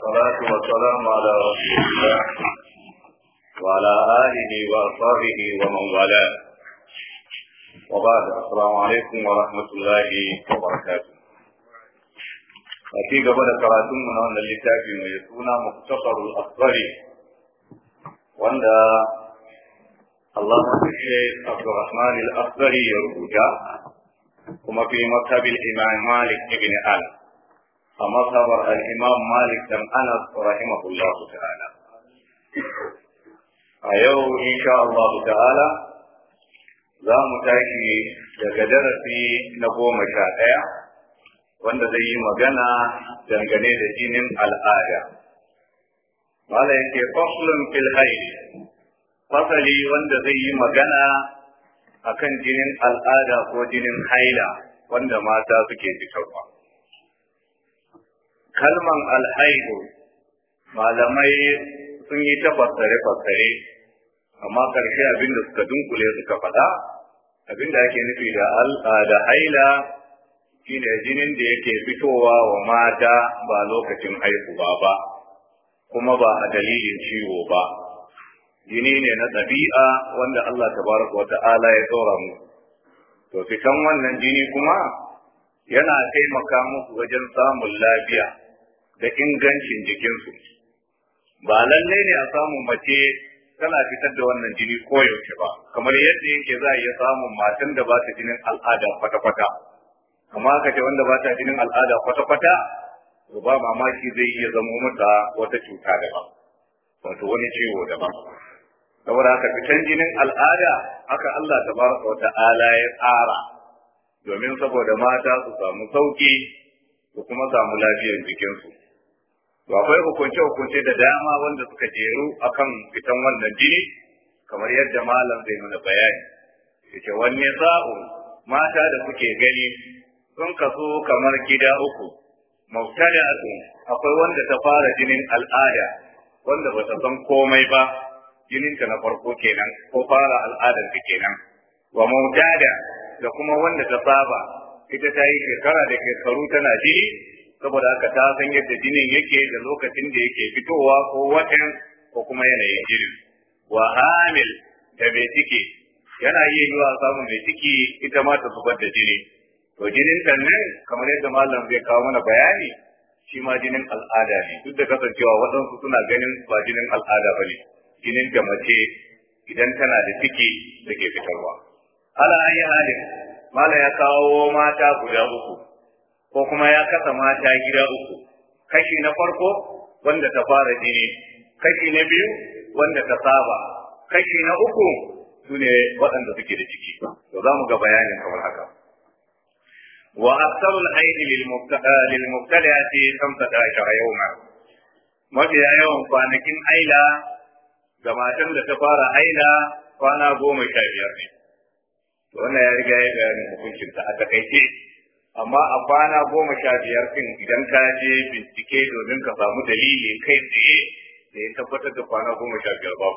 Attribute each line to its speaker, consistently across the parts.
Speaker 1: والصلاة والسلام على رسول الله وعلى آله وأصحابه ومن والاه وبعد السلام عليكم ورحمة الله وبركاته أتي قبل كراتم من أن الكتاب يكون مختصر الأخضر وأن الله الشيخ عبد الرحمن الأخضر يرجع وما في مذهب الإمام مالك بن أنس مصبر الإمام مالك بن أنس رحمه الله ta'ala. A yau شاء الله تعالى za mu tashi daga darasi na goma sha ɗaya wanda zai yi magana dangane da jinin al'ada. Mala yake faslun fil haili fasali wanda zai yi magana akan jinin al'ada ko jinin haila wanda mata suke fitarwa. kalman alhaihu, malamai sun yi ta fassare-fassare amma ƙarshe abin da suka dunkule suka faɗa abin da ake nufi da da haila shine jinin da yake fitowa wa mata ba lokacin haihuwa ba kuma ba a dalilin ciwo ba jini ne na ɗabi'a wanda Allah tabaraka wa ta'ala ya tsora mu to fitan wannan jini kuma yana taimaka muku wajen samun lafiya da ingancin jikinsu ba lalle ne a samu mace tana fitar da wannan jini ko koyaushe ba kamar yadda yake za a iya samun matan da ba ta jinin al'ada kwata-kwata kamar aka ce wanda ba ta jinin al'ada kwata-kwata to ba mamaki zai iya zamo mata wata cuta daban wato wani ciwo daban saboda haka fitan jinin al'ada haka Allah ta ba wa ta'ala ya tsara domin saboda mata su samu sauki su kuma samu lafiyar jikinsu to akwai hukunce hukunce da dama wanda suka jeru akan fitan wannan jini kamar yadda malam zai nuna bayani yace wanne sa'u mata da kuke gani sun kaso kamar gida uku mautala'atun akwai wanda ta fara jinin al'ada wanda bata san komai ba jinin jininta na farko kenan ko fara al'adar ta kenan wa mautada da kuma wanda ta saba ita ta yi shekara da shekaru tana jini saboda haka ta san yadda jinin yake da lokacin da yake fitowa ko watan ko kuma yanayin jinin wa hamil da mai ciki yana iya yiwa samun mai ciki ita ma ta zubar da jini to jinin nan kamar yadda malam zai kawo mana bayani shi ma jinin al'ada ne duk da kasancewa waɗansu suna ganin ba jinin al'ada ba ne jinin da mace idan tana da ciki da ke fitarwa ala ayi halin Malam ya kawo mata guda uku ko kuma ya kasa mata gida uku kashi na farko wanda ta fara jini kashi na biyu wanda ta saba kashi na uku su ne waɗanda suke da ciki to za mu ga bayanin kamar haka wa aksarul aidi eh, lil mubtali'ati 15 yawma mafiya yawan kwanakin aila ga matan da ta fara aila kwana goma sha biyar ne wannan ya riga ya bayanin hukuncinta a takaice amma a kwana goma sha biyar din idan ka je bincike domin ka samu dalili kai tsaye da ya tabbatar da kwana goma sha biyar ba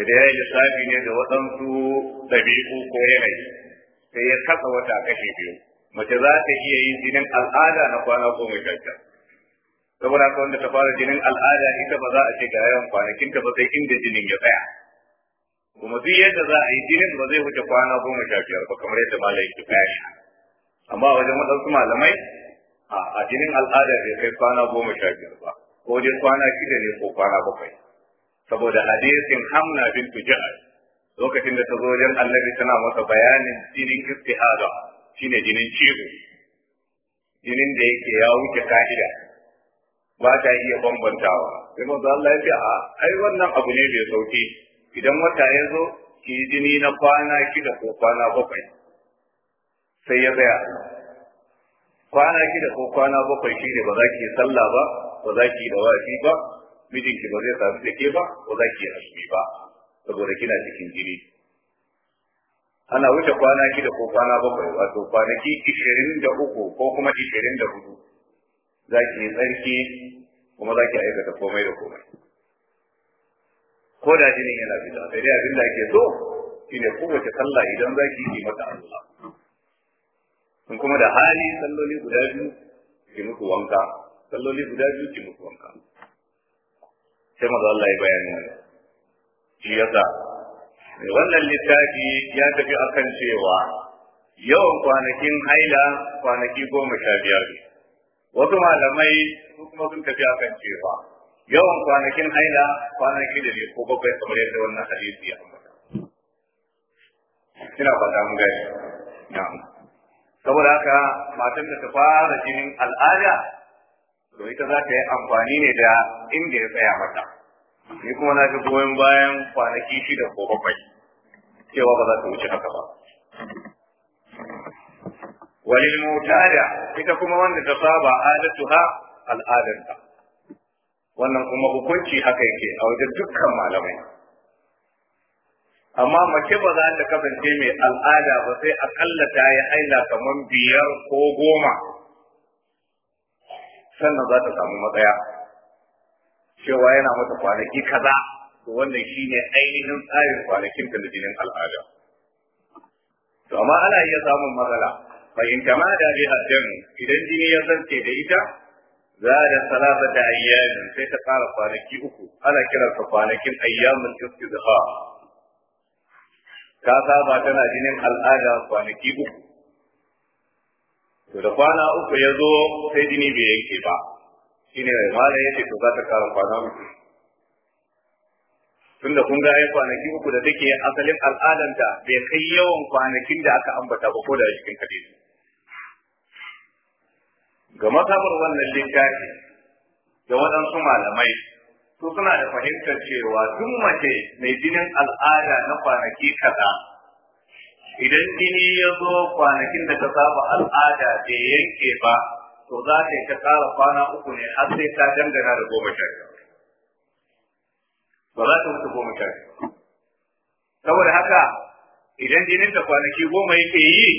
Speaker 1: da da ya lissafi ne da waɗansu ɗabi'u ko yanayi sai ya kasa wata kashe biyu mace za ta iya yin jinin al'ada na kwana goma sha biyar saboda ka wanda ta fara jinin al'ada ita ba za a ce ga yawan kwanakinta ba sai inda jinin ya tsaya kuma duk yadda za a yi jinin ba zai wuce kwana goma sha biyar ba kamar yadda malai ke bayani amma wajen waɗansu malamai a jinin al'ada bai kai kwana goma sha biyar ba ko dai kwana shida ne ko kwana bakwai saboda hadisin hamna bin tuja'a lokacin da ta zo wajen annabi tana masa bayanin jinin istihada shine jinin ciwo jinin da yake ya wuce ka'ida ba ta iya bambantawa sai mazu Allah ya ce a ai wannan abu ne mai sauki idan wata ya zo ki yi jini na kwana shida ko kwana bakwai sai ya tsaya kwana shida ko kwana bakwai shi ne ba za ki yi sallah ba ba za ki yi wafi ba mijinki ba zai sami da ke ba ba za ki yi asibi ba saboda kina cikin jini ana wuce kwana shida ko kwana bakwai wato kwanaki ishirin da uku ko kuma ishirin da hudu za ki yi tsarki kuma za ki aikata komai da komai ko da jini yana fita sai dai abin da ake so shine kowace sallah idan za ki yi mata Allah in kuma da hali salloli guda biyu ki muku wanka salloli guda biyu ki muku wanka sai maza Allah ya bayani wannan shi yasa wannan littafi ya tafi akan cewa yawan kwanakin haila kwanaki goma sha biyar wasu malamai su kuma sun tafi akan cewa yawan kwanakin aina, kwanaki da ne ko bakwai kamar yadda wannan hadisi ya ambata ina fata mun gani na'am saboda haka matan da ta fara jinin al'ada to ita za ta yi amfani ne da inda ya tsaya mata ni kuma na ga goyon bayan kwanaki shida ko bakwai cewa ba za ta wuce haka ba walil mutada ita kuma wanda ta saba adatuha al'adanta wannan kuma hukunci haka yake a wajen dukkan malamai amma mace ba za ta kasance mai al'ada ba sai akalla ta yi haila kamar biyar ko goma sannan za ta samu matsaya cewa yana mata kwanaki kaza to wannan shine ainihin tsarin kwanakin da jinin al'ada to amma ana iya samun matsala fa in da bi idan jini ya zance da ita zada da ayyami sai ta fara kwanaki uku ana kiransa kwanakin ayyamin istizha ta saba tana jinin al'ada kwanaki uku to da kwana uku ya zo sai jini bai yanke ba shine mai ya yace to za ta kara kwana uku da kun ga ai kwanaki uku da take asalin al'adanta bai kai yawan kwanakin da aka ambata ba ko da cikin hadisi ga matabar wannan littafi da waɗansu malamai su suna da fahimtar cewa duk mace mai jinin al'ada na kwanaki kaza idan jini ya zo kwanakin da ta saba al'ada bai yanke ba to za ta yi ta ƙara kwana uku ne har sai ta dangana da goma sha ba za ta wuce goma sha saboda haka idan jinin da kwanaki goma yake yi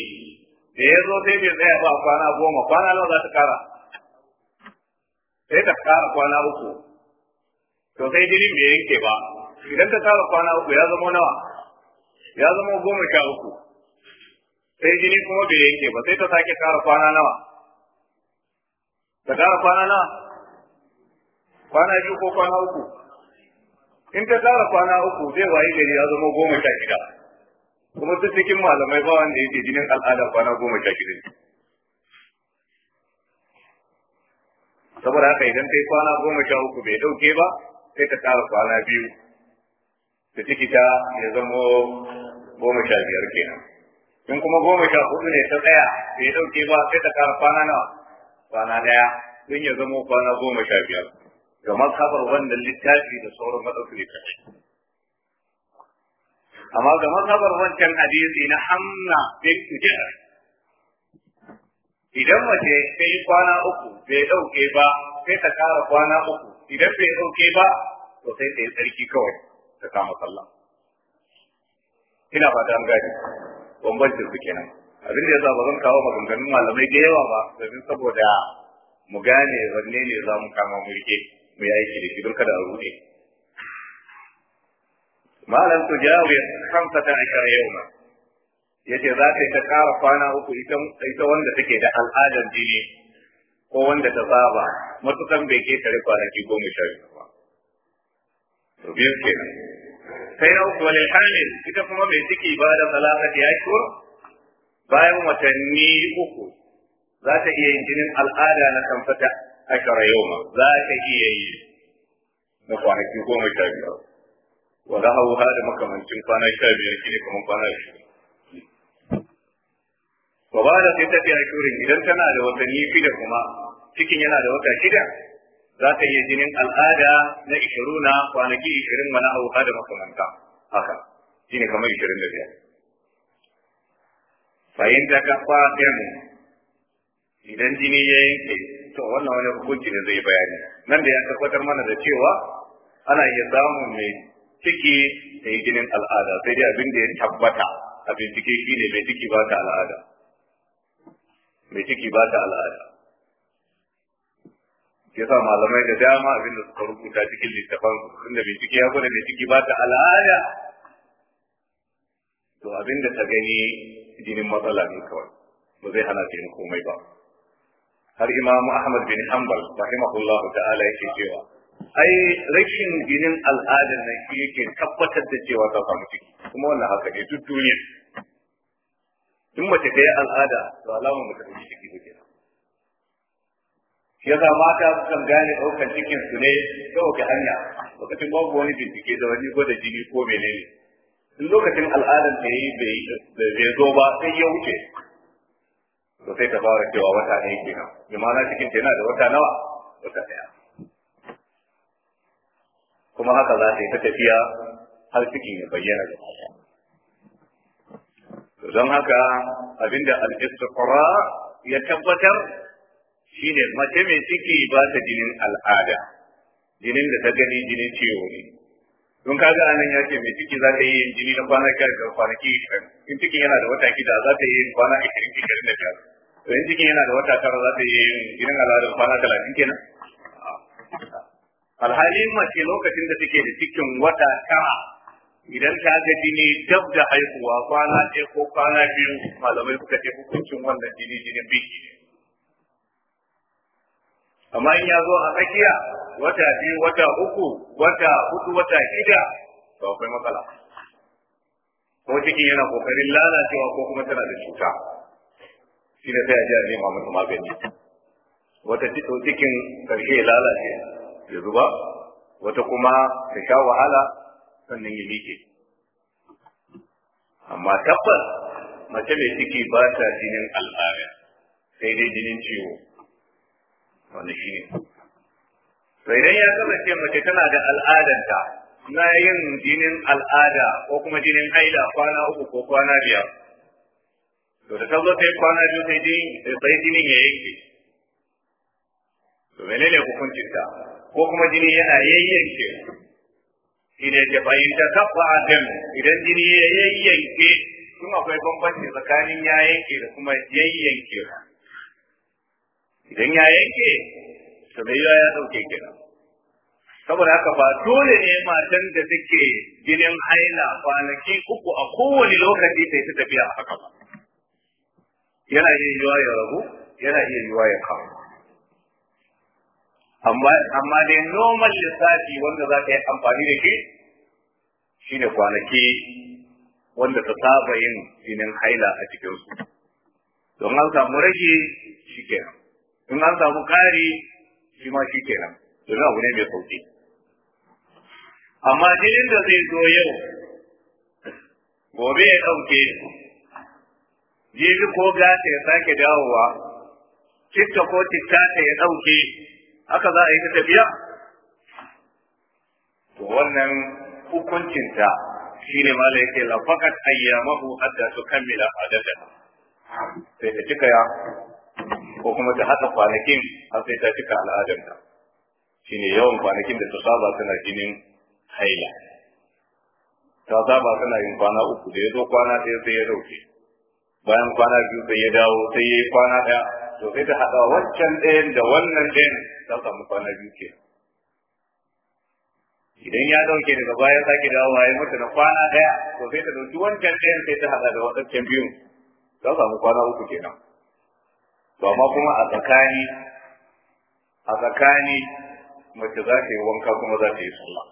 Speaker 1: da ya zo sai bai tsaya ba kwana goma kwana nawa za ta kara sai ta kara kwana uku to sai gini bai yanke ba idan ta kara kwana uku ya zama nawa ya zama goma sha uku sai jini kuma bai yanke ba sai ta sake kara kwana nawa ta kara kwana nawa kwana biyu ko kwana uku in ta kara kwana uku zai waye gari ya zama goma sha shida kuma duk cikin malamai ba wanda yake jinin al'ada kwana goma sha shirin saboda haka idan kai kwana goma sha uku bai dauke ba sai ka ƙara kwana biyu da ciki ta ya zamo goma sha biyar kenan in kuma goma sha hudu ne ta tsaya bai dauke ba sai ta ƙara kwana nawa kwana daya don ya zamo kwana goma sha biyar ga mazhabar wannan littafi da sauran maɗaukar littafi amma ga mazhabar wancan hadisi na hamna bin tujar idan mace ta yi kwana uku bai ɗauke ba sai ta ƙara kwana uku idan bai ɗauke ba to sai ta yi tsarki kawai ta kama sallah ina fata an gani bambancin su kenan abin da yasa ba zan kawo maganganun malamai da yawa ba domin saboda mu gane wanne ne za mu kama mu rike mu yi aiki da shi don kada a ruɗe Malam ma lam tujawi khamsata ashara yauma yace za ta ta kara kwana uku ita ita wanda take da al'adar jini ko wanda ta saba matukan bai ke tare kwanaki goma sha biyu ba to biyu ke sai na uku wani hamil ita kuma mai ciki ba da salafat ya ko bayan watanni uku za ta iya yin jinin al'ada na kamfata a karayoma za ta iya yi na kwanaki goma sha biyar wa nahawha da makamancin kwana sha biyar shine kamar kwana ashirin wa ba da sai tafiya shurin idan tana da watanni da kuma cikin yana da wata shida za ta iya jinin al'ada na ishiruna kwanaki ishirin wa nahawha da makamanta haka shine kamar ishirin da biyar fa'in da ka fa'in idan jini ya yanke to wannan wani hukunci da zai bayani nan da ya tabbatar mana da cewa ana iya samun mai ciki da yi jinin al'ada sai dai abin da ya tabbata a bincike shi ne mai ciki ba ta al'ada mai ciki ba ta al'ada ya sa malamai da dama abin da suka rubuta cikin littafan tunda bincike ya gwada mai ciki ba ta al'ada to abin da ta gani jinin matsala ne kawai ba zai hana ta komai ba har imamu ahmad bin hanbal rahimahullahu ta'ala yake cewa ai rashin ginin al'adar nan shi yake tabbatar da cewa ta samu ciki kuma wannan haka ne duk duniya in mace ta yi al'ada to alamar mace ta ciki ne kenan shi yasa mata sukan gane ɗaukar cikin su ne ta wace hanya lokacin babu wani bincike da wani gwada jini ko menene in lokacin al'adar ta yi bai zo ba sai ya wuce to sai ta fara cewa wata ɗaya kenan bi cikin ta yana da wata nawa wata ɗaya kuma haka za ta yi ta tafiya har cikin ya bayyana da mata don haka abinda al-istiqra ya tabbatar shi ne mace mai ciki ba ta jinin al'ada jinin da ta gani jinin ciwo ne don ka ga anan ya ce mai ciki za ta yi jini na kwana kyar da kwanaki in cikin yana da wata gida za ta yi yin kwana ashirin cikin da biyar to in cikin yana da wata tara za ta yi yin jinin al'ada kwana talatin kenan alhali mace lokacin da take da cikin wata tara idan ta ga jini dab da haihuwa kwana ɗaya ko kwana biyu malamai suka ce hukuncin wannan jini jinin biki ne amma in ya zo a tsakiya wata biyu wata uku wata hudu wata shida to akwai matsala ko cikin yana kokarin lalacewa ko kuma tana da cuta shi ne sai a ji a nema masa magani wata cikin karshe lalace ya zuba wata kuma ta sha wahala sannan ya miƙe amma tabbas mace mai ciki ba ta jinin al'ada sai dai jinin ciwo wanda shi ne sai dai ya kasance mace tana da al'adanta na yin jinin al'ada ko kuma jinin haila kwana uku ko kwana biyar to da ta zo sai kwana biyu sai jinin ya yanke to menene hukuncinta ko kuma jini yana yayyanke shi ne da bayin da a adam idan jini ya yayyanke kuma akwai bambanci tsakanin ya yanke da kuma yayyanke idan ya yanke to da ya dauke kenan saboda haka ba dole ne matan da take jinin haila kwanaki uku a kowane lokaci ta ta tafiya haka ba yana iya yiwa ya rabu yana iya yiwa ya kawo amma amma dai normal lissafi wanda za ka yi amfani da shi shine kwanaki wanda ta saba yin jinin haila a cikin su don an samu rage kenan don an samu kari shi ma shi kenan don abu ne mai sauki amma jinin da zai zo yau gobe ya ɗauke jibi ko gata ya sake dawowa citta ko citta ya ɗauke haka za a yi ta tafiya to wannan hukuncinta shine mala yake lafaqat ayyamahu hatta tukammila adada. sai ta cika ya ko kuma ta haɗa kwanakin har sai ta cika al'adanta shine yawan kwanakin da ta saba tana jinin haila ta saba tana yin kwana uku da ya zo kwana ɗaya sai ya dauke bayan kwana biyu sai ya dawo sai ya yi kwana ɗaya to sai ta haɗa wancan ɗayan da wannan ɗayan ta samu kwana biyu ke idan ya dauke daga baya sake dawowa ya mutu na kwana daya ko sai ta dauki wancan ɗayan sai ta hada da wadancan biyun ta samu kwana uku kenan to amma kuma a tsakani a tsakani mace za ta yi wanka kuma za ta yi suna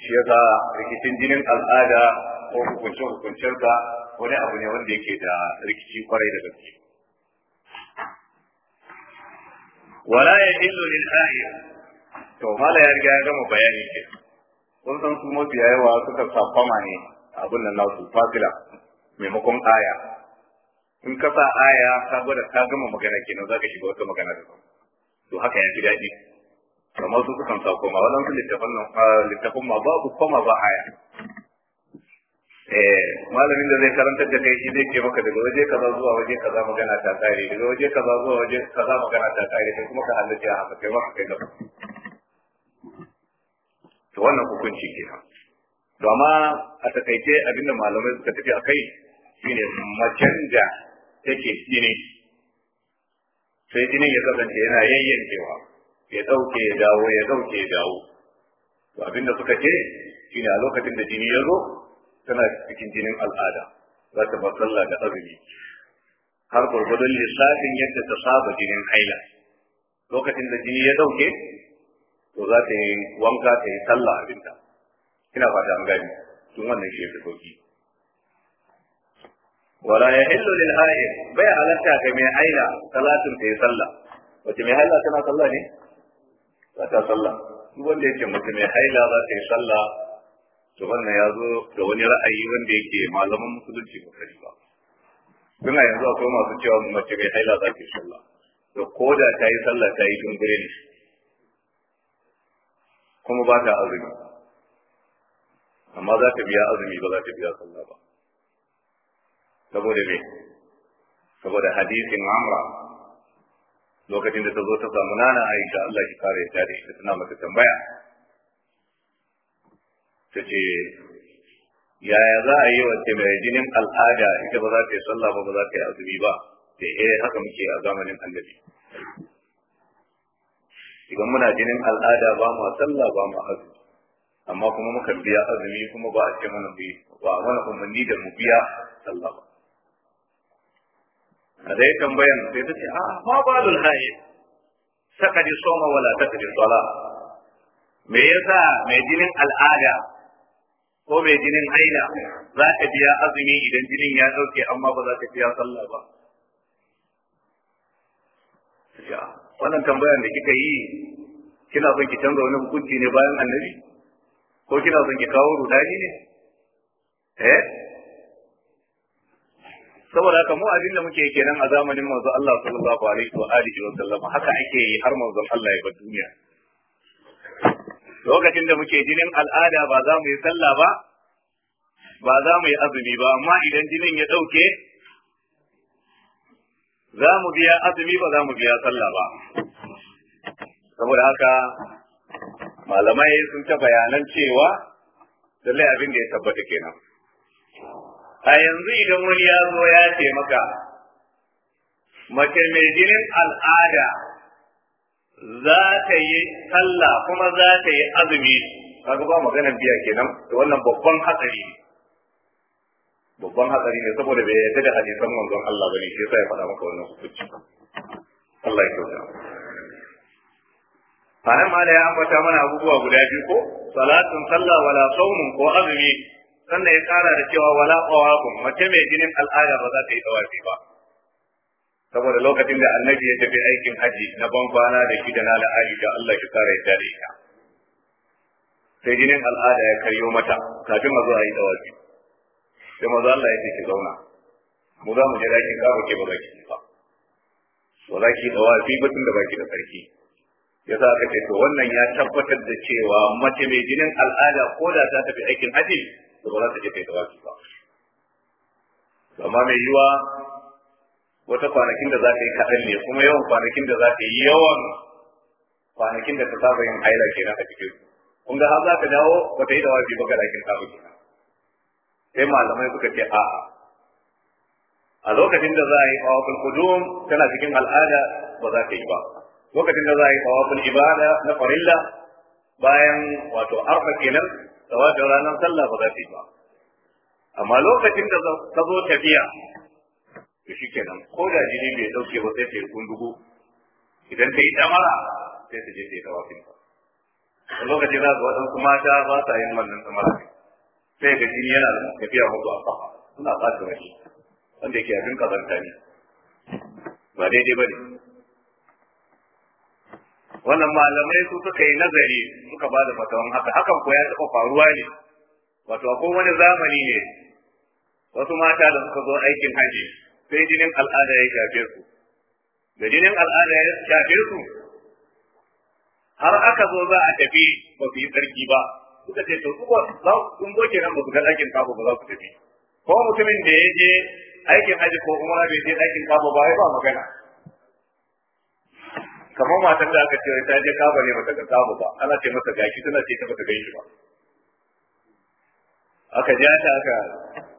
Speaker 1: shi ya sa rikicin jinin al'ada ko hukunce-hukuncensa wani abu ne wanda yake da rikici kwarai da gaske wala ya illu lil ahir to mala ya riga ya gama bayani ke kun san su mafi yawa suka safama ne abin nan nasu fasila maimakon aya in ka sa aya ka gwada ka gama magana kenan za ka shiga wata magana da to haka ya fi daɗi kamar su sukan sa littafin waɗansu littafan ma babu koma ba aya Eh, malamin da zai karanta da kai shi zai ke maka daga waje kaza zuwa waje kaza magana ta tsare daga waje kaza zuwa waje kaza magana ta tsare kai kuma ka halarci a haka kai maka kai gaba to wannan hukunci ke to amma a takaice abinda malamai suka tafi a kai shine macen da take jini sai jinin ya kasance yana yayyankewa ya ɗauke ya dawo ya ɗauke ya dawo to abinda suka ce shine a lokacin da jini ya zo tana cikin jinin al'ada za ta bar sallah da azumi har gwargwadon lissafin yadda ta saba jinin haila lokacin da jini ya dauke to za ta yi wanka ta yi sallah abinta kina fata an gani tun wannan shi ya fi wala ya hillu lil haid bai halatta ga mai haila talatin ta yi sallah wace mai haila tana sallah ne ba ta sallah duk wanda yake mace mai haila za ta yi sallah to wannan ya zo da wani ra'ayi wanda yake malaman musulunci ba kai ba suna yanzu akwai masu cewa mace mai haila za ta sallah to ko da ta yi sallah ta yi dungure ne kuma ba ta azumi amma za ta biya azumi ba za ta biya sallah ba saboda me saboda hadisin amra lokacin da ta zo ta samu nana aisha Allah ki kare ta da shi tana mata tambaya ta ce yaya za a yi ce mai jinin al'ada ita ba za ta yi sallah ba ba za ta yi azumi ba ta eh haka muke a zamanin annabi idan muna jinin al'ada ba mu sallah ba mu azumi amma kuma muka biya azumi kuma ba a ce mana bi ba mana umarni da mu biya sallah ba a dai tambayan sai ta ce a ah, ma balul haye saka di soma wala ta di sala me yasa mai jinin al'ada ko mai jinin haila za ka biya azumi idan jinin ya ɗauke amma ba za ka biya sallah ba wannan tambayar da kika yi kina son ki canza wani hukunci ne bayan annabi ko kina son ki kawo rudani ne eh saboda haka mu abin da muke kenan a zamanin manzo Allah sallallahu alaihi wa alihi wa sallam haka ake yi har manzo Allah ya bar duniya lokacin da muke jinin al'ada ba za mu yi sallah ba ba za mu yi azumi ba amma idan jinin ya ɗauke za mu biya azumi ba za mu biya sallah ba saboda haka malamai sun ta bayanan cewa lallai abin da ya tabbata kenan a yanzu idan wani ya zo ya ce maka mace mai jinin al'ada za ta yi sallah kuma za ta yi azumi kaga ba magana biya kenan to wannan babban hatsari ne babban hatsari ne saboda bai yarda da hadisan manzon Allah bane shi yasa ya faɗa maka wannan hukunci Allah ya kyauta Bayan ma da ya ambata mana abubuwa guda biyu ko salatun sallah wala saumun ko azumi sannan ya kara da cewa wala qawafun mace mai jinin al'ada ba za ta yi tawafi ba saboda lokacin da annabi ya tafi aikin haji na ban kwana da shi da na la'ayi da Allah shi kare ya da ita sai jinin al'ada ya karyo mata kafin a zo a yi tawafi sai maza Allah ya ce ki zauna mu za mu je daki ka ba ke ba za ki ba so za ki tawafi ba tun da baki da sarki ya za ka ce to wannan ya tabbatar da cewa mace mai jinin al'ada ko da ta tafi aikin haji to ba za ta je kai tawafi ba amma mai yiwa wata kwanakin da za ka yi kaɗan ne kuma yawan kwanakin da za ka yi yawan kwanakin da ta saba yin haila kenan a cikin kun ga har za ka dawo ba ta yi da wajibi ba ga ɗakin kawo kenan sai malamai suka ce a'a a lokacin da za a yi tawaful qudum tana cikin al'ada ba za ta yi ba lokacin da za a yi tawaful ibada na farilla bayan wato arfa kenan tawafin ranar sallah ba za ta yi ba amma lokacin da ta zo tafiya to shi kenan ko da jini bai dauke ba sai ta yi kundugu idan ta yi damara sai ta je ta yi tawafin ta a lokacin za su waɗansu mata ba sa yin wannan samara sai ga jini yana da tafiya hudu a kafa suna ɓata wani wanda yake abin kazanta ne ba daidai ba ne wannan malamai su suka yi nazari suka ba da fatawan haka hakan ko ya taɓa faruwa ne wato akwai wani zamani ne wasu mata da suka zo aikin hajji sai jinin al'ada ya shafe su da jinin al'ada ya shafe su har aka zo za a tafi ba su yi tsarki ba suka ce to kuma za kun zo nan ba su ga ɗakin kafa ba za su tafi ko mutumin da ya je aikin aji ko kuma bai je ɗakin kafa ba ya ba magana kamar matan da aka ce ta je kafa ne mata ga kafa ba ana ce masa gaki tana ce ta bata shi ba aka ja ta aka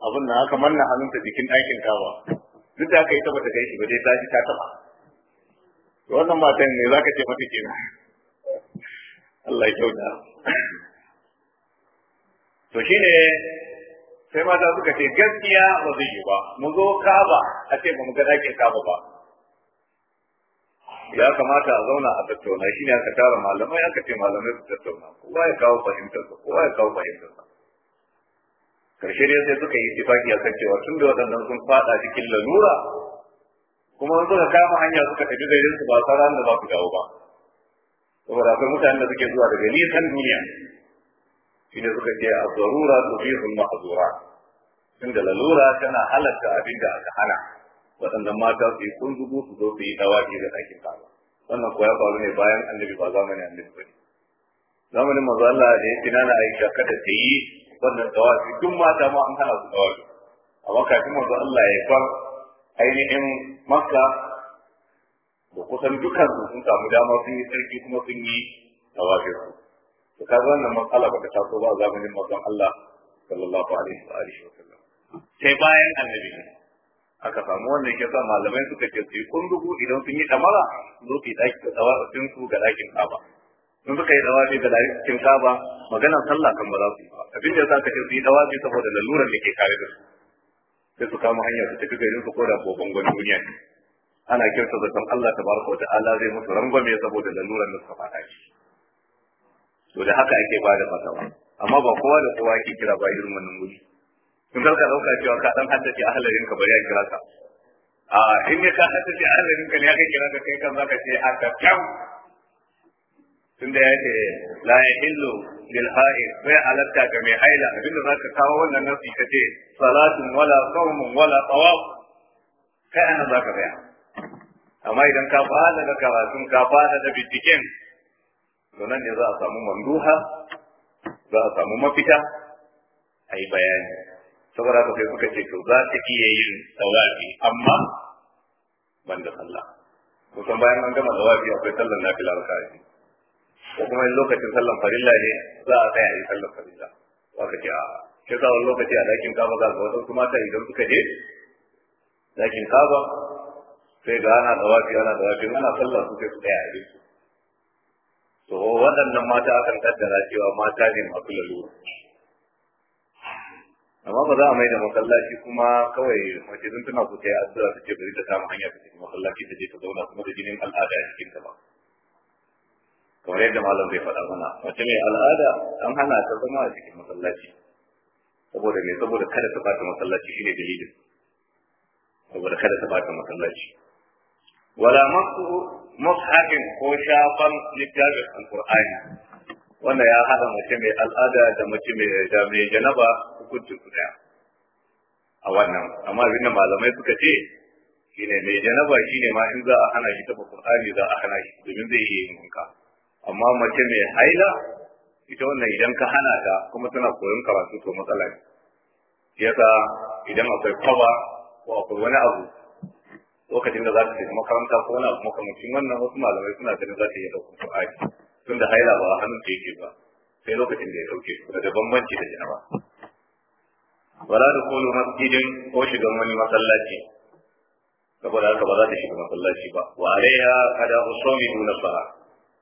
Speaker 1: abin nan aka manna hannunta jikin ɗakin kafa. duk da aka yi tabbata kai shi ba dai ta ta taba wannan matan ne zaka ce mata kenan Allah ya kyauta to shine sai mata suka ce gaskiya ba zai yi ba mu zo kaba a ce ba mu ga dakin kaba ba ya kamata a zauna a tattauna shine aka tara malamai aka ce malamai su tattauna kowa ya kawo fahimtarsa kowa ya kawo fahimtar karshe dai sai suka yi tifaki akan cewa tun da waɗannan sun fada cikin lalura kuma wasu suka kama hanya suka tafi garin su ba ran da ba su dawo ba saboda akwai mutanen da suke zuwa daga nisan duniya shi ne suka ce a zarura su tufihul mahzura da lalura tana halatta abin da aka hana waɗannan mata su yi kunzugu su zo su yi dawaki da ɗakin kaza. wannan kuwa ya faru ne bayan annabi ba zamanin annabi ba ne zamanin manzo Allah da ya kinana Aisha kada ta yi wannan tawafi duk mata ma an hana su tawafi amma kafin manzo Allah ya bar ainihin maka, da kusan dukkan su sun samu dama sun yi sarki kuma sun yi tawafi su to kaga wannan matsala ta taso ba zamanin manzon Allah sallallahu alaihi wa alihi wa sallam sai bayan annabi aka samu wannan ke sa malamai suka ce su yi kundugu idan sun yi damara zo su daki da tsawafin ga dakin kaba sun suka yi tsawafi ga dakin kaba maganar sallah kan ba za su yi ba. abin da ka ce su yi dawafi saboda laluran da ke kare da su sai su kama hanya su tafi garin su koda ko bangon duniya ne ana kyauta zaton Allah ta baraka wa ta'ala zai musu rangwame saboda laluran da suka fada shi to da haka ake bada fatawa amma ba kowa da kowa ke kira ba irin wannan guri kun ka dauka cewa ka dan haddace ahlarin ka bari a kira ka a in ka haddace ahlarin ka ne aka kira ka kai kan zaka ce a ta tunda ya ce la yahillu lil ha'id bai halatta ga mai haila abinda zaka kawo wannan nasi ka ce salatun wala sawmun wala tawaf kai ana zaka baya amma idan ka fada da karatun ka fada da binciken to nan ne za a samu manduha za a samu mafita a yi bayani saboda haka sai suka ce to za ta iya yin tawafi amma ban da sallah kusan bayan an gama tawafi akwai sallar nafila a kaji ko kuma in lokacin sallan farilla ne za a tsaya yi sallan farilla ba ka ce a shi sa lokaci a dakin kaba ga ga su mata idan suka je dakin kaba sai ga ana dawafi ana dawafi ana sallah su sai su tsaya yi to waɗannan mata akan kaddara cewa mata ne masu lalura amma ba za a mai da masallaci kuma kawai mace tana ku ta a addu'a su ce bari ta samu hanya ta cikin masallaci ta je ta zauna kuma da jinin al'ada a cikin ta ba kamar yadda malam zai faɗa mana mace mai al'ada an hana ta zama a cikin masallaci saboda me saboda kada ta bata masallaci shine dalilin saboda kada ta bata masallaci wala masu mushafin ko shafan littafin alqur'ani wanda ya hada mace mai al'ada da mace mai da mai janaba hukuncin su daya a wannan amma abin da malamai suka ce shine mai janaba shine ma in za a hana shi ta qur'ani za a hana shi domin zai iya yin wanka amma mace mai haila ita wannan idan ka hana ta kuma tana koyon karatu to matsala ne yasa idan akwai kwaba ko akwai wani abu lokacin da za ta tafi makaranta ko wani abu makamancin wannan wasu malamai suna ganin za ta iya ɗaukar tun tunda haila ba hannun ta yake ba sai lokacin da ya ɗauke daga bambanci da jinawa wala da kolo masjidin ko shigan wani masallaci saboda haka ba za ta shiga masallaci ba wa alaiha kada usomi nuna sa'a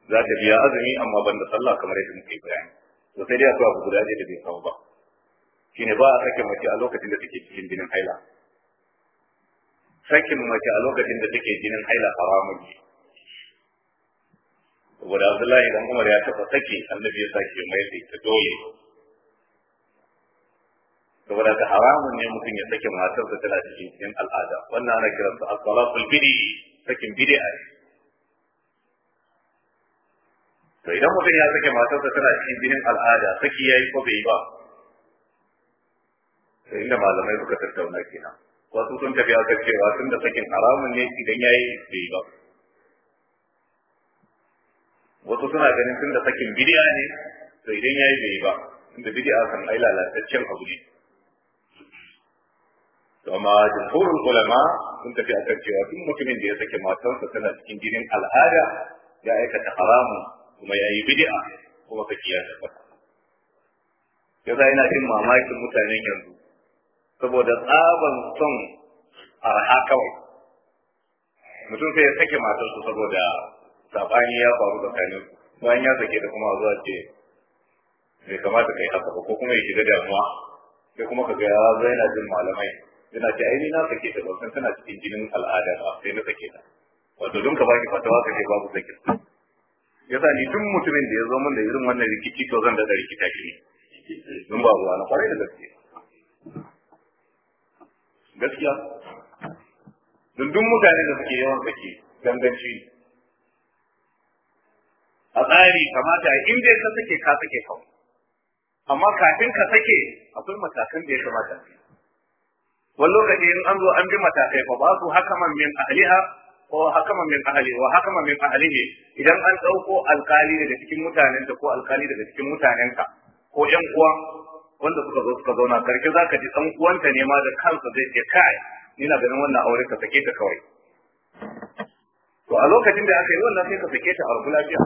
Speaker 1: za ta biya azumi amma ban da sallah kamar yadda muke bayani to sai dai akwai abu guda ɗaya da bai kawo ba shine ba a sakin mace a lokacin da take cikin jinin haila sakin mace a lokacin da take jinin haila haramun ne saboda Abdullahi dan Umar ya taba sake annabi ya sake mai sai ta doye saboda ta haramun ne mutum ya sake matarsa tana cikin jinin al'ada wannan ana kiransa as-salatul bid'i sakin bid'a ne to idan mutum ya sake da tana cikin jinin al'ada saki ya yi ko bai yi ba to inda malamai suka tattauna kenan wasu sun tafi a cewa tun da sakin haramun ne idan ya yi bai yi ba wasu suna ganin tun da sakin bidiya ne to idan ya yi bai yi ba tunda bidiya kan ai lalataccen abu ne to amma jumhurul ulama sun tafi a cewa duk mutumin da ya sake matarsa tana cikin jinin al'ada ya aikata haramun kuma yayi bid'a kuma ka kiyasa ba yasa ina jin mamakin mutanen yanzu saboda tsaban son arha kawai mutum sai ya sake matarsa saboda sabani ya faru tsakanin bayan ya sake da kuma zuwa ce bai kamata kai haka ba ko kuma ya shiga damuwa sai kuma ka ga ya zo yana jin malamai yana ce ai ni na sake ta ba san tana cikin jinin al'ada ba sai na sake ta wato don ka baki fatawa kake ce babu sakin yasa ni duk mutumin da ya zo min da irin wannan rikici to zan daɗa rikita shi don ba ruwa na kwarai da gaske gaskiya don duk mutane da suke yawan sake ganganci a tsari kamata in dai ka sake ka sake kawo. amma kafin ka sake akwai matakan da ya kamata wani lokaci in an zo an bi matakai fa ba su hakaman min ahliha ko hakama min ahli wa hakama min ahlihi idan an dauko alkali daga cikin mutanen da ko alkali daga cikin mutanen ka ko yan uwa wanda suka zo suka zauna karke zaka ji dan uwanta ne ma da kansa zai ce kai ina ganin wannan aure ka sake ta kawai to a lokacin da aka yi wannan sai ka sake ta a rubu lafiya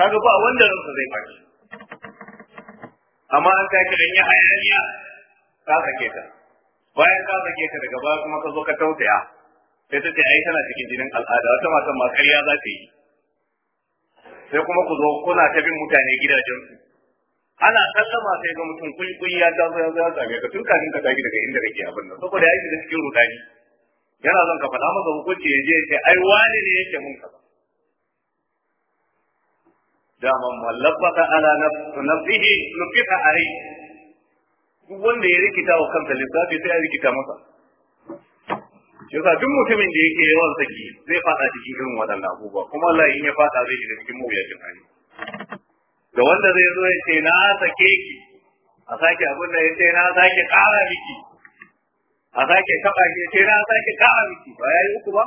Speaker 1: kaga ba wanda ransa zai fashi amma an ta kiran ya hayaniya ka sake ta bayan ka sake ta daga baya kuma ka zo ka tausaya sai ta ce ai tana cikin jinin al'ada wata matan ma karya za ta yi sai kuma ku zo kuna ta bin mutane gidajensu ana sallama sai ga mutum kuyi ya ta zo ya zo ya same ka tun kafin ka tafi daga inda kake abin nan saboda ya yi da cikin rudani yana zan ka faɗa masa hukunci ya je ya ce ai wani ne yake mun Da daman mallabata ala nafsihi nukita ai duk wanda ya rikita wa kansa lissafi sai ya rikita masa yasa duk mutumin da yake yawan saki zai fada cikin irin waɗannan abubuwa kuma Allah in ya fada zai shiga cikin mawuyacin hali da wanda zai zo ya ce na sake ki a sake abin da ya ce na sake ƙara miki a sake kaba ki ya ce na sake ƙara miki ba ya yi uku ba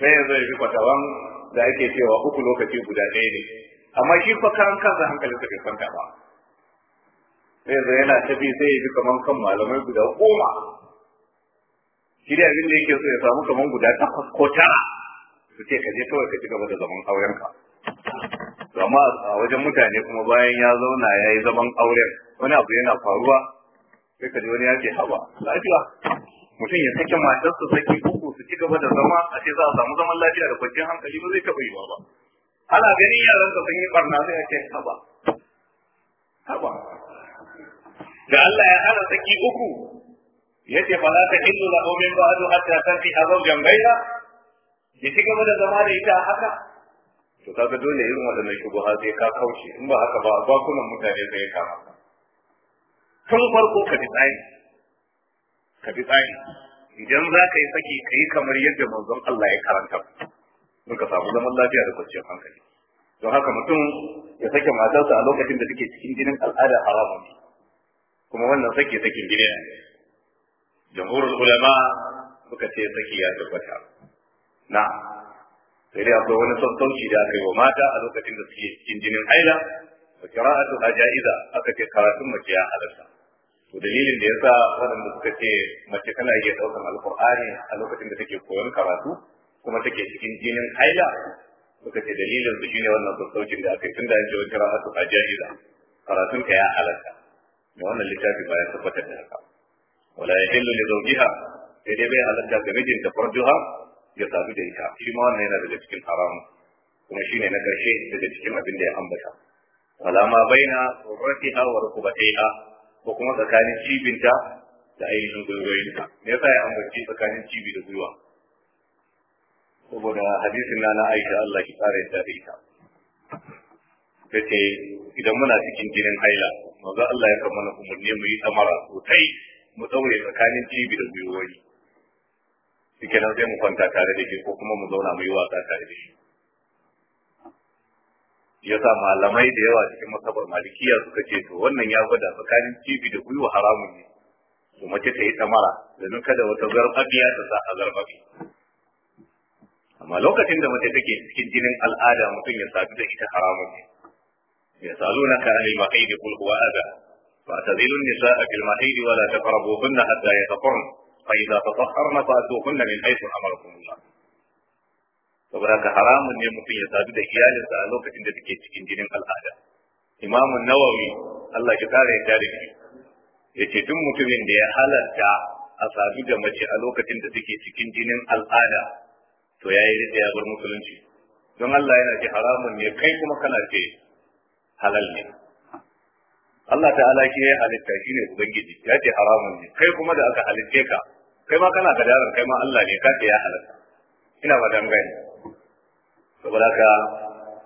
Speaker 1: sai zo ya fi fatawan da ake cewa uku lokaci guda ɗaya ne amma shi fa kan kansa hankali sa bai kwanta ba sai zai yana tafi sai ya ji kaman kan malamai guda goma shi dai abin da yake so ya samu kaman guda takwas ko tara su ce ka je kawai ka ci gaba da zaman aurenka amma a wajen mutane kuma bayan ya zauna ya yi zaman auren wani abu yana faruwa sai ka ji wani ya ce haba lafiya mutum ya sake matarsa sake uku su ci gaba da zama a ce za a samu zaman lafiya da kwanciyar hankali ba zai taɓa yi ba ana ganin yaran da sun yi barna sai a ce haba haba da Allah ya hana saki uku ya ce fa za ta illu lahu min ba'du hatta tanfi azam jambayra ya ci gaba da zama da ita haka to ga dole irin waɗannan har sai ka kauce in ba haka ba bakunan mutane zai kama tun farko ka bi tsari ka bi tsari idan za ka yi saki ka yi kamar yadda manzon Allah ya karanta mun ka samu zaman lafiya da kwanciyar hankali don haka mutum ya sake matarsa a lokacin da take cikin jinin al'ada a ramuni kuma wannan sake sakin gida ne jamhurul ulama suka ce saki ya tabbata na sai dai akwai wani sassauci da aka yi wa mata a lokacin da suke cikin jinin haila wa qira'atu hajaiza aka ce karatun mace ya halarta to dalilin da yasa wadanda suka ce mace kana iya ɗaukar alqur'ani a lokacin da take koyon karatu kuma take cikin jinin haila suka ce dalilin su shine wannan sassaucin da aka yi tunda an ce wa qira'atu hajaiza karatun ka ya halarta da wannan littafi ba ya tabbatar da haka wala ya hillu li zawjiha sai dai bai halatta ga mijinta farjuha ya sadu da ita shi ma wannan yana daga cikin haramu kuma ne na karshe daga cikin abin da ya ambata wala ma baina surratiha wa rukubatiha ko kuma tsakanin cibinta da ainihin gwiwoyinta me yasa ya ambaci tsakanin cibi da gwiwa saboda hadisin na na Aisha Allah ki kare ta da ita ta ce idan muna cikin jinin haila manzo Allah ya kama na umarni mu yi samara sosai mu daure tsakanin cibi da gwiwoyi shike nan sai mu kwanta tare da shi ko kuma mu zauna mu yi wasa tare da shi ya sa malamai da yawa cikin masabar malikiya suka ce to wannan ya gwada tsakanin cibi da gwiwa haramun ne to mace ta yi samara domin kada wata zarfafiya ta sa a zarfafi amma lokacin da mace take cikin jinin al'ada mutum ya sadu da ita haramun ne يسألونك عن المحيض قل هو أذى فاعتزلوا النساء في المحيض ولا تقربوهن حتى يتطهرن فإذا تطهرن فأتوهن من حيث أمركم الله saboda haka haramun ne mutum ya sadu da iyalinsa a lokacin da take cikin jinin al'ada imamun nawawi Allah ya kare ya da shi yace duk mutumin da ya halarta a sadu da mace a lokacin da take cikin jinin al'ada to yayi rida ya bar musulunci don Allah yana ce haramun ne kai kuma kana ce halal ne Allah ta'ala shi ya halitta shi shine ubangiji ya ce haramun ne kai kuma da aka halitte ka kai ma kana gadarar kai ma Allah ne kake ya halitta. ina ba dan gani saboda ka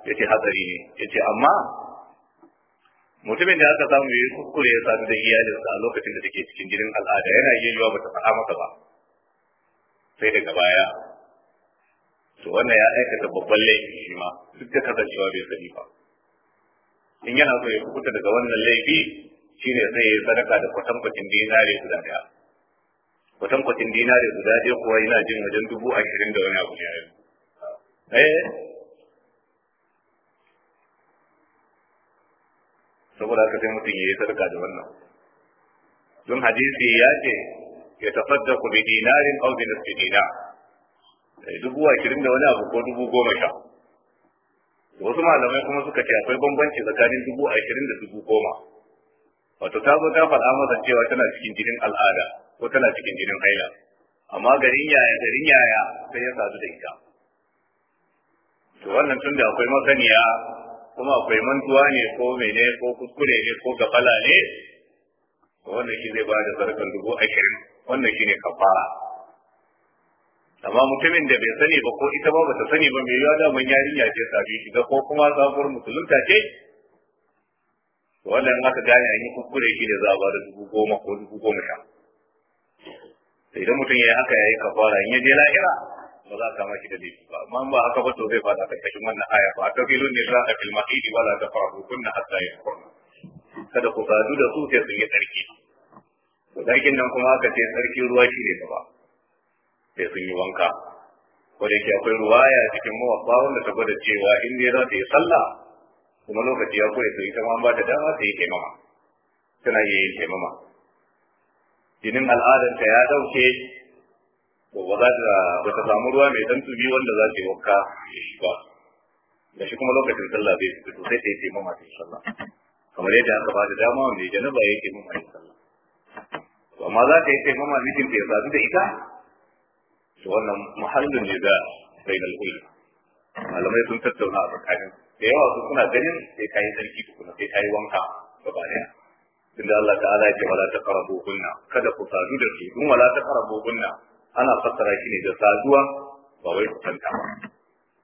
Speaker 1: yace hatsari ne Ya ce amma mutumin da aka samu yayi kuskure ya sadu da iyalinsa a lokacin da take cikin jinin al'ada yana yin yawa bata faɗa masa ba sai daga baya to wannan ya aikata babban laifi shi ma duk da kasancewa bai sani ba in yana so ya kuta daga wannan laifi shi ne zai yi sadaka da kwatankwacin dinare guda daya kwatankwacin dinare guda daya kuwa yana jin wajen dubu ashirin da wani abu ne eh saboda haka sai mutum ya yi sadaka da wannan don hadisi ya ce ya tafadda ku bi dinarin aw bi nisfi dinar eh, dubu ashirin da wani abu ko dubu goma sha wasu malamai kuma suka ce akwai bambanci tsakanin dubu ashirin da dubu goma wato ta zo ta faɗa masa cewa tana cikin jinin al'ada ko tana cikin jinin haila amma garin yaya garin yaya sai ya sadu da ita to wannan tunda akwai masaniya kuma akwai mantuwa ne ko mene ko kuskure ne ko gafala ne wannan shi zai bada zarkan dubu ashirin wannan shi ne kafara amma mutumin da bai sani ba ko ita ba bata sani ba mai yiwa daman yarinya ce sabi shiga ko kuma sabuwar musulunta ce wannan aka gane an yi kuskure shi ne za a ba da dubu goma ko dubu goma sha sai idan mutum ya yi haka ya yi kafara in ya je la'ira ba za a kama shi da laifi ba amma ba haka ba to zai fada karkashin wannan aya ba ta filin ne za a filma ba wala ta hukun na hatta ya kurna kada ku sadu da su sai sun yi tsarki to tsarkin nan kuma aka ce tsarkin ruwa shi ne gaba sai sun yi wanka ko da yake akwai ruwaya cikin mawafa wanda ta gwada cewa in dai za ta yi sallah kuma lokaci ya koya to ita ma ba ta dama ta yi taimama tana iya yin taimama jinin al'adanta ya dauke to ba za ta ba ta samu ruwa mai dan tubi wanda za ta yi wanka ya shi ba da shi kuma lokacin sallah bai fito sai ta yi taimama ta yi sallah kamar yadda aka ba da dama wanda ya janaba ya yi taimama ya yi sallah amma za ka yi taimama mijinta ya sadu da ita to wannan muhallin ne da bai na malamai sun tattauna a tsakanin da yawa su suna ganin sai ka yi sarki tukuna sai ka yi wanka gaba ɗaya tunda Allah ta'ala ya ce wala ta karabu hunna kada ku sadu da su dun wala ta karabu hunna ana fassara shi ne da saduwa ba wai kusanta ba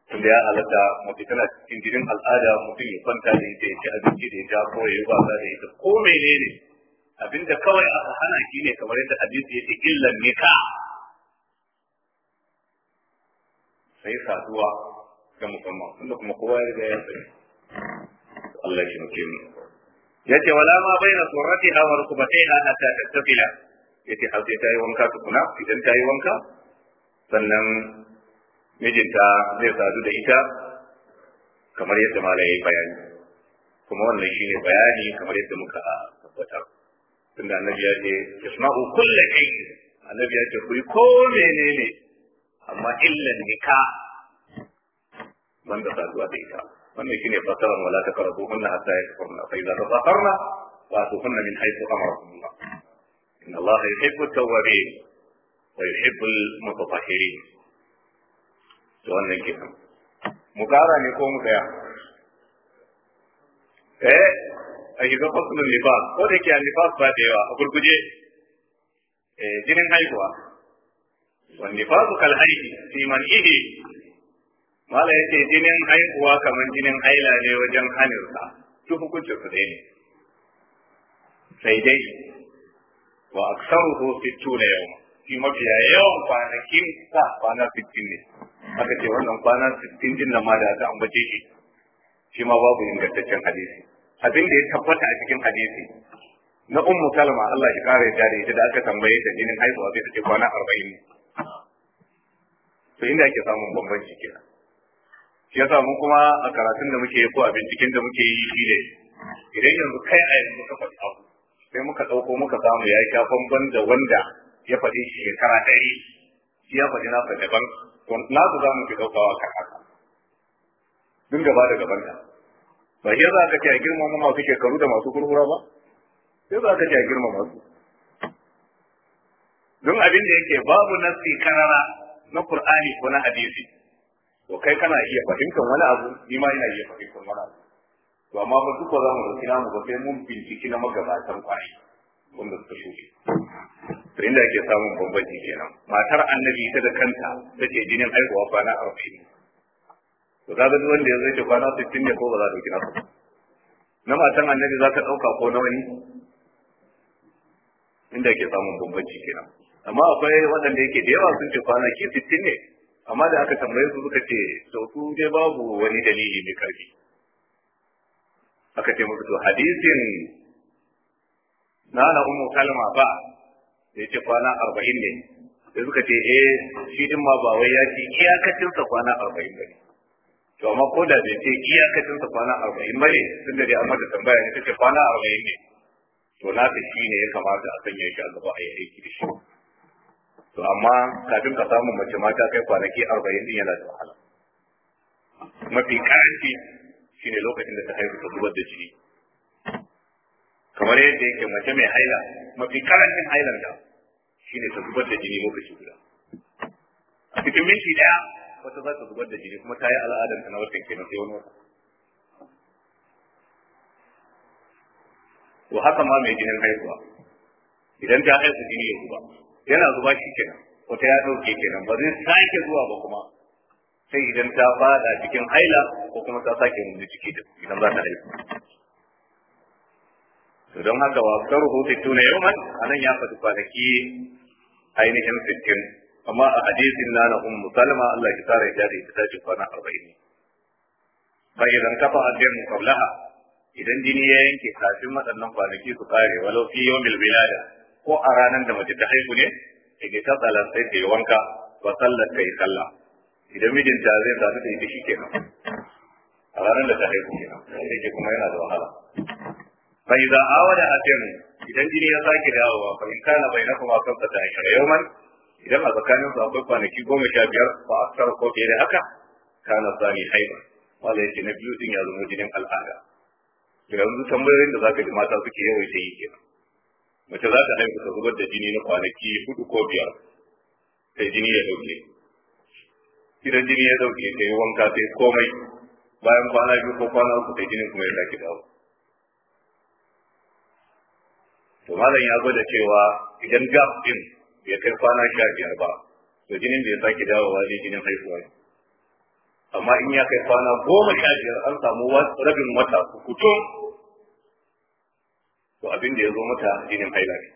Speaker 1: tunda ya halatta mutum tana cikin jirin al'ada mutum ya kwanta da ita ya ci abinci da ya ja ko ya yi wasa da ita ko menene abinda kawai aka hana shi ne kamar yadda hadisi yake illan nika sai saduwa ga musamman inda kuma kowa ya riga ya sani Allah shi muke mu yace wala ma baina surratiha wa rukbatayha hatta tattafila yace har sai ta yi wanka tukuna idan tayi wanka sannan mijinta zai sadu da ita kamar yadda malai ya bayani kuma wannan shi ne bayani kamar yadda muka tabbatar tunda annabi ya ce yasma'u kullu shay annabi ya ce ku yi ko menene amma illan nika banda saduwa da ita wannan shine fasaran wala takrabuhunna hatta yakfurna fa idza tatahharna wa atuhunna min haythu amarakum inna Allah yuhibbu at-tawwabin wa yuhibbu al-mutatahhirin to wannan kenan mu kara ne ko mu tsaya eh a shiga fasulun nifas ko da ke a nifas ba da yawa a gurguje eh, jinin haihuwa والنفاق كالحيض في منعه mala yace jinin haihuwa kamar jinin haila ne wajen hanirsa duk hukuncin su ne sai dai wa aksaruhu sittuna yawma fi mafiya yawan kwanakin sa kwana sittin ne aka ce wannan kwana sittin din da aka ambace shi shi babu ingantaccen hadisi Abinda ya tabbata a cikin hadisi na ummu kalma Allah ya kare ta da aka tambaye ta jinin haihuwa sai ta kwana arba'in to inda ake samun bambanci kenan shi yasa mu kuma a karatun da muke yi ko a binciken da muke yi shi ne idan yanzu kai a yanzu ka faɗi abu sai muka ɗauko muka samu ya yi sha bamban da wanda ya faɗi shi shekara ɗari shi ya faɗi nasa daban to nasa za mu fi ɗaukawa kan haka duk gaba da gaban ta ba shi yasa aka ce a girmama masu shekaru da masu kurkura ba sai za ka ce a girmama su don abin da yake babu nassi karara na Qur'ani ko na hadisi to kai kana iya fahimtar wani abu ni ma ina iya fahimtar wani abu to amma ba duk za mu dauki mu ba sai mun binciki na magabatan kwai wanda suka shuke to inda yake samun bambanci kenan matar annabi ita da kanta take jinin haihuwa kwana arba'in to kaga duk wanda ya zai ta kwana sittin ne ko ba za a kira nasu na matan annabi za ka ɗauka ko na wani inda yake samun bambanci kenan amma akwai waɗanda yake da yawa sun ce kwanaki sittin ne amma da aka tambaye su suka ce to su dai babu wani dalili mai karfi aka ce musu to hadisin na na umu kalma ba da ce kwana arba'in ne da suka ce eh shi din ma ba wai ya ce sa kwana arba'in ba ne to amma ko da bai ce sa kwana arba'in ba ne tun da dai an mata tambaya ne ta ce kwana arba'in ne to na ta shi ne ya kamata a sanya shi a gaba a yi aiki da shi to amma kafin ka samu mace mata kai kwanaki arba'in din yana da wahala mafi karanci shine lokacin da ta haihu ta zubar da jini kamar yadda yake mace mai haila mafi karancin da shine ta zubar da jini lokaci guda a cikin minti daya wata za ta zubar da jini kuma ta yi al'adar ta na wata kenan sai wani wata to haka ma mai jinin haihuwa idan ta haihu jini ya zuba yana zuba shi kenan wata ya kenan ba zai sake zuwa ba kuma sai idan ta fada cikin haila ko kuma ta sake wani ciki idan za ta haihu to don haka wa karuhu sittuna yawman anan ya faɗi kwanaki ainihin sittin amma a hadisin na na ummu salma Allah ya tsara ya da ita ta ce kwana 40 Ba idan kafa addamu qablaha idan jini ya yanke kafin waɗannan kwanaki su kare walau fi yawmil wilada ko a ranar da mace ta haihu ne idan ta tsalar sai ta yi wanka wa sallar ta yi sallah idan mijinta zai sadu da ita shi kenan a ranar da ta haihu kenan sai ke kuma yana da wahala a idza a atin idan jini ya sake dawowa fa in kana kuma akamta ta yau man idan a tsakanin su akwai kwanaki goma sha biyar a tsara ko fiye da haka kana zani haiba wala yake na biyu din ya zama jinin al'ada yanzu tambayoyin da za ka ji mata suke yawaita yi nan. mace za ta haifu ta zubar da jini na kwanaki hudu ko biyar sai jini ya dauke idan jini ya dauke ta yi wanka sai komai bayan kwana biyu ko kwana uku sai jinin kuma ya sake dawo to malam ya gwada cewa idan gap din bai kai kwana sha biyar ba to jinin da ya sake dawowa ne jinin haihuwa ne amma in ya kai kwana goma sha biyar an samu rabin wata kutum to abin da ya zo mata jinin haila ne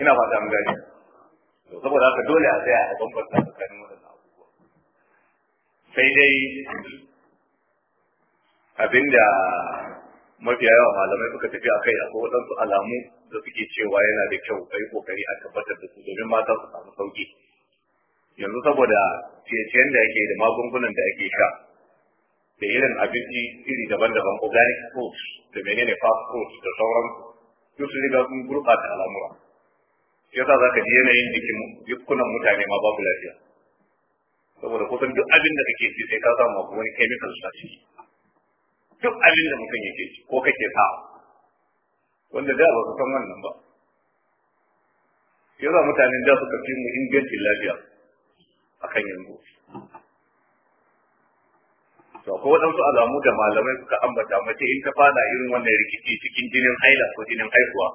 Speaker 1: ina fata mun gani to saboda haka dole a tsaya a bambanta tsakanin waɗannan abubuwa sai dai abin da mafiya yawa malamai suka tafi a kai akwai waɗansu alamu da suke cewa yana da kyau kai kokari a tabbatar da su domin mata su samu sauki yanzu saboda ciye-ciyen da yake da magungunan da ake sha da irin abinci iri daban-daban organic foods da menene passport da sauran duk su riga sun gurɓata al'amura yasa za ka ji yanayin jikin jikunan mutane ma babu lafiya saboda kusan duk abin da kake ci sai ka samu akwai wani chemical a ciki duk abin da mutum yake ci ko kake sa wanda da ba su san wannan ba yasa mutanen da suka fi mu ingancin lafiya akan yanzu to ko wadansu alamu da malamai suka ambata mace in ta fada irin wannan rikici cikin jinin haila ko jinin haihuwa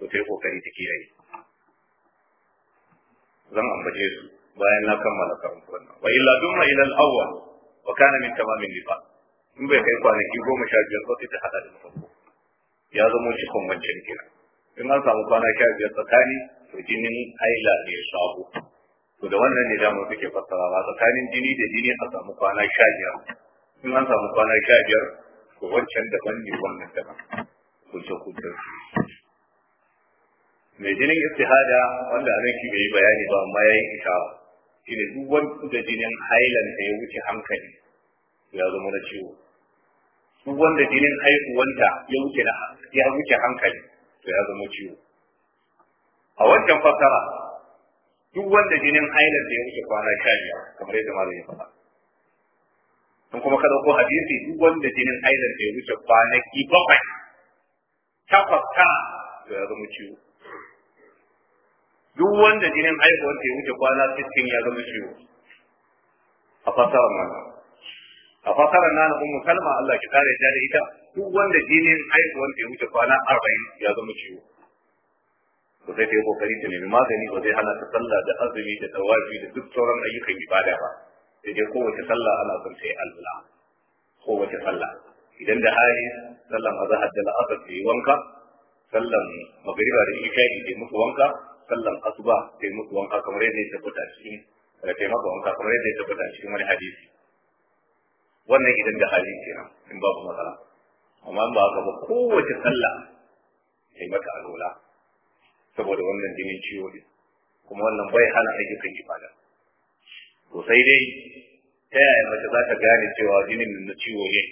Speaker 1: to sai kokari ta kiyaye zan ambace su bayan na kammala karin wannan wa illa dumma ila al-awwal wa kana min tamamin nifaq in bai kai kwanaki goma sha biyar sai ta hada da farko ya zama cikon wancan kina in an samu kwana sha biyar tsakani to jinin haila ne ya shago to da wannan ne da mu suke fassarawa tsakanin jini da jini a samu kwana sha biyar in an samu kwana sha biyar to wancan daban ne wannan daban kuce kuce mai jinin istihada wanda a nan bai yi bayani ba amma ya yi ishawa shi ne duk wanda jinin hailan da ya wuce hankali ya zama na ciwo duk wanda jinin haihuwanta ya wuce ya wuce hankali to ya zama ciwo a wancan fasara duk wanda jinin hailan da ya wuce kwana sha biyar kamar yadda malam ya faɗa in kuma ka dauko hadisi duk wanda jinin aidar bai wuce kwanaki bakwai takwas kana ya zama ciwo duk wanda jinin haihuwar ya wuce kwana 60 ya zama ciwo a fasarar mana a na nana ummu kalma Allah ki kare ta da ita duk wanda jinin haihuwar ya wuce kwana 40 ya zama ciwo Ba zai ta yi kokari ta nemi magani ba zai hana ta sallah da azumi da tawafi da duk sauran ayyukan ibada ba da je kowace sallah ana son ta yi alwala kowace sallah idan da hali sallan azhar da la'asar ta yi wanka sallan Magariba da isha'i ta yi musu wanka sallan asuba ta yi musu wanka kamar yadda ya tabbata a cikin da ta maka wanka kamar yadda ya tabbata a wani hadisi wannan idan da hali kenan in babu matsala amma ba haka ba kowace sallah ya yi mata alwala saboda wannan jinin ciwo ne kuma wannan bai hana ayyukan ibada to sai dai ta yaya mace za ta gane cewa jinin na ciwo ne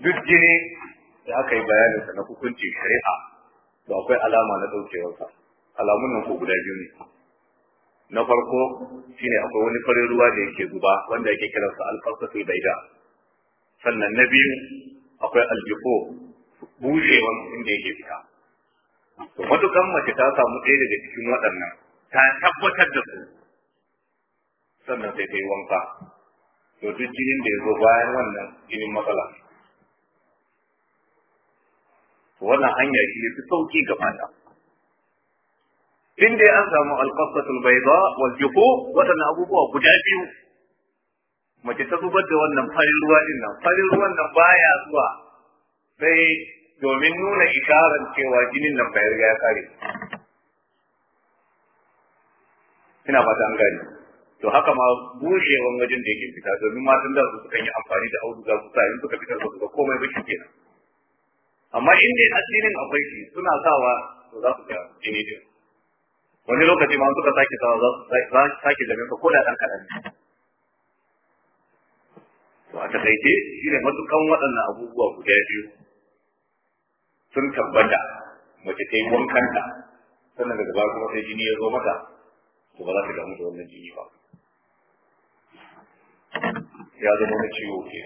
Speaker 1: duk jini da aka yi bayaninsa na hukunci shari'a to akwai alama na ɗaukewarsa alamun nan ko guda biyu ne na farko shine akwai wani farin ruwa da yake zuba wanda yake kiransa alfarsatul baida sannan na biyu akwai aljiko bushewar inda yake fita to matukan mace ta samu ɗaya daga cikin waɗannan ta tabbatar da su sannan sai kai wanka to duk jinin da ya zo bayan wannan jinin matsala wannan hanya shi ne fi sauki ga mata Inda an samu bai ba wal jufu wadannan abubuwa guda biyu mace ta zubar da wannan farin ruwa din nan farin ruwan nan baya zuwa sai domin nuna isharar cewa jinin nan bai riga ya kare ina fata an gani to haka ma bushewan wajen da yake fita domin matan da su suka yi amfani da auduga su sa in suka fitar su ga komai ba shi kenan amma in dai asirin akwai shi suna sawa to za su ga jini ne wani lokaci ma suka sake sawa za su sake da ko da dan kadan to a takaice shi ne matukan waɗannan abubuwa guda biyu sun tabbata mace ta yi wankanta sannan daga baya kuma sai jini ya zo mata to ba za ta damu da wannan jini ba ya zama na ciwo ke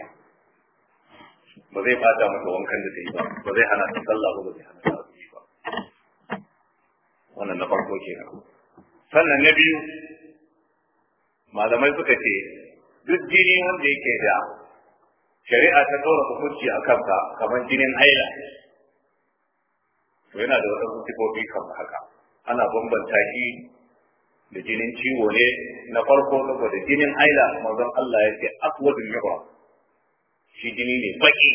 Speaker 1: ba zai fata maka wankan da ta yi ba ba zai hana ta sallah ba ba zai hana ta azumi ba wannan na farko kenan sannan na biyu malamai suka ce duk jini wanda yake da shari'a ta ɗora hukunci a kanka kamar jinin haila to yana da wasu sifofi kamar haka ana bambanta shi da jinin ciwo ne na farko saboda jinin aila, mazan Allah ya ce aswadul yuhra shi jini ne baki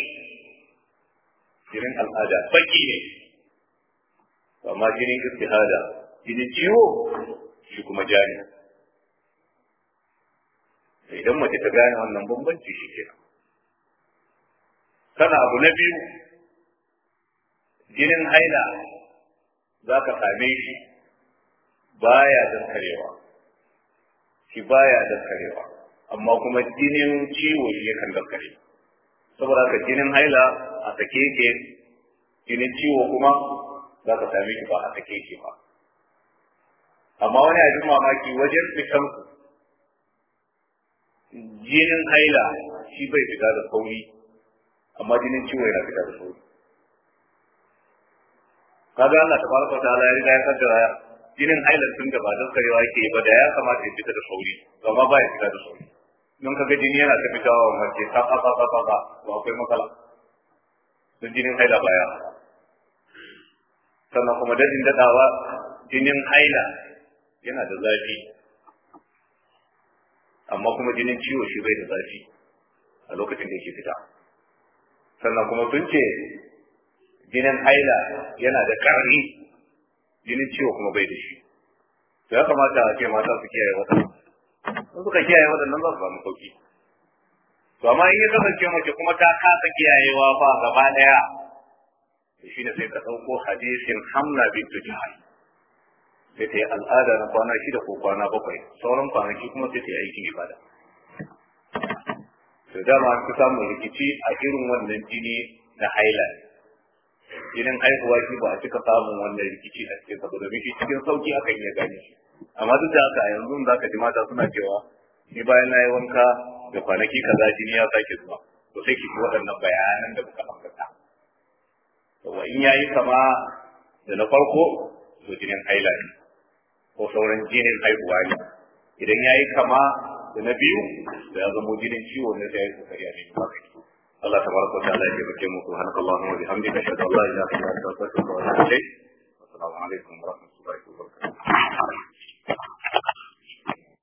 Speaker 1: jinin al'ada baki ne amma jinin istihada jinin ciwo shi kuma jani idan mace ta gane wannan bambanci shi kenan kana abu na biyu jinin haila za ka same shi baya daskarewa shi baya daskarewa amma kuma jinin ciwo shi yakan daskare saboda haka jinin haila a sake yake jinin ciwo kuma za ka same shi ba a sake shi ba amma wani abin mamaki wajen fitan jinin haila shi bai fita da sauri amma jinin ciwo yana fita da sauri kaga Allah tabaraka wa ta'ala ya riga ya kaddara jinin hailar sun gaba don karewa yake ba da ya kamata ya fita da sauri amma ba ya fita da sauri don kaga jini yana ta fita wa mace ta ba ba ba ba ba akwai matsala don jinin haila baya sannan kuma dajin dadawa jinin haila yana da zafi amma kuma jinin ciwo shi bai da zafi a lokacin da yake fita sannan kuma sun ce jinin haila yana da karni jinin ciwo kuma bai da shi ya kamata a ce mata su kiyaye waɗannan in suka kiyaye waɗannan za su samu sauki to amma in ya kasance mace kuma ta kasa kiyayewa fa gaba ɗaya shi ne sai ka ɗauko hadisin hamna bintu jahal sai ta yi al'ada na kwana shida ko kwana bakwai sauran kwanaki kuma sai ta yi aikin ibada da dama an fi samun rikici a irin wannan jini na highland idan haihuwa shi ba a cika samun wannan rikici a cikin saboda domin shi cikin sauki akan iya gani. shi amma duk da haka yanzu za ka ji mata suna cewa ni bayan na yi wanka da kwanaki kaza jini ya sake zuwa to sai ki ji waɗannan bayanan da kuka ambata wa in yayi kama da na farko to jinin haila ne ko sauran jinin haihuwa ne idan yayi kama da na biyu da ya zama jinin ciwo ne sai ya kokari a cikin الله تبارك وتعالى يجزاك الله سبحانك اللهم وبحمدك اشهد ان لا اله الا انت استغفرك واتوب اليك والسلام عليكم ورحمه الله وبركاته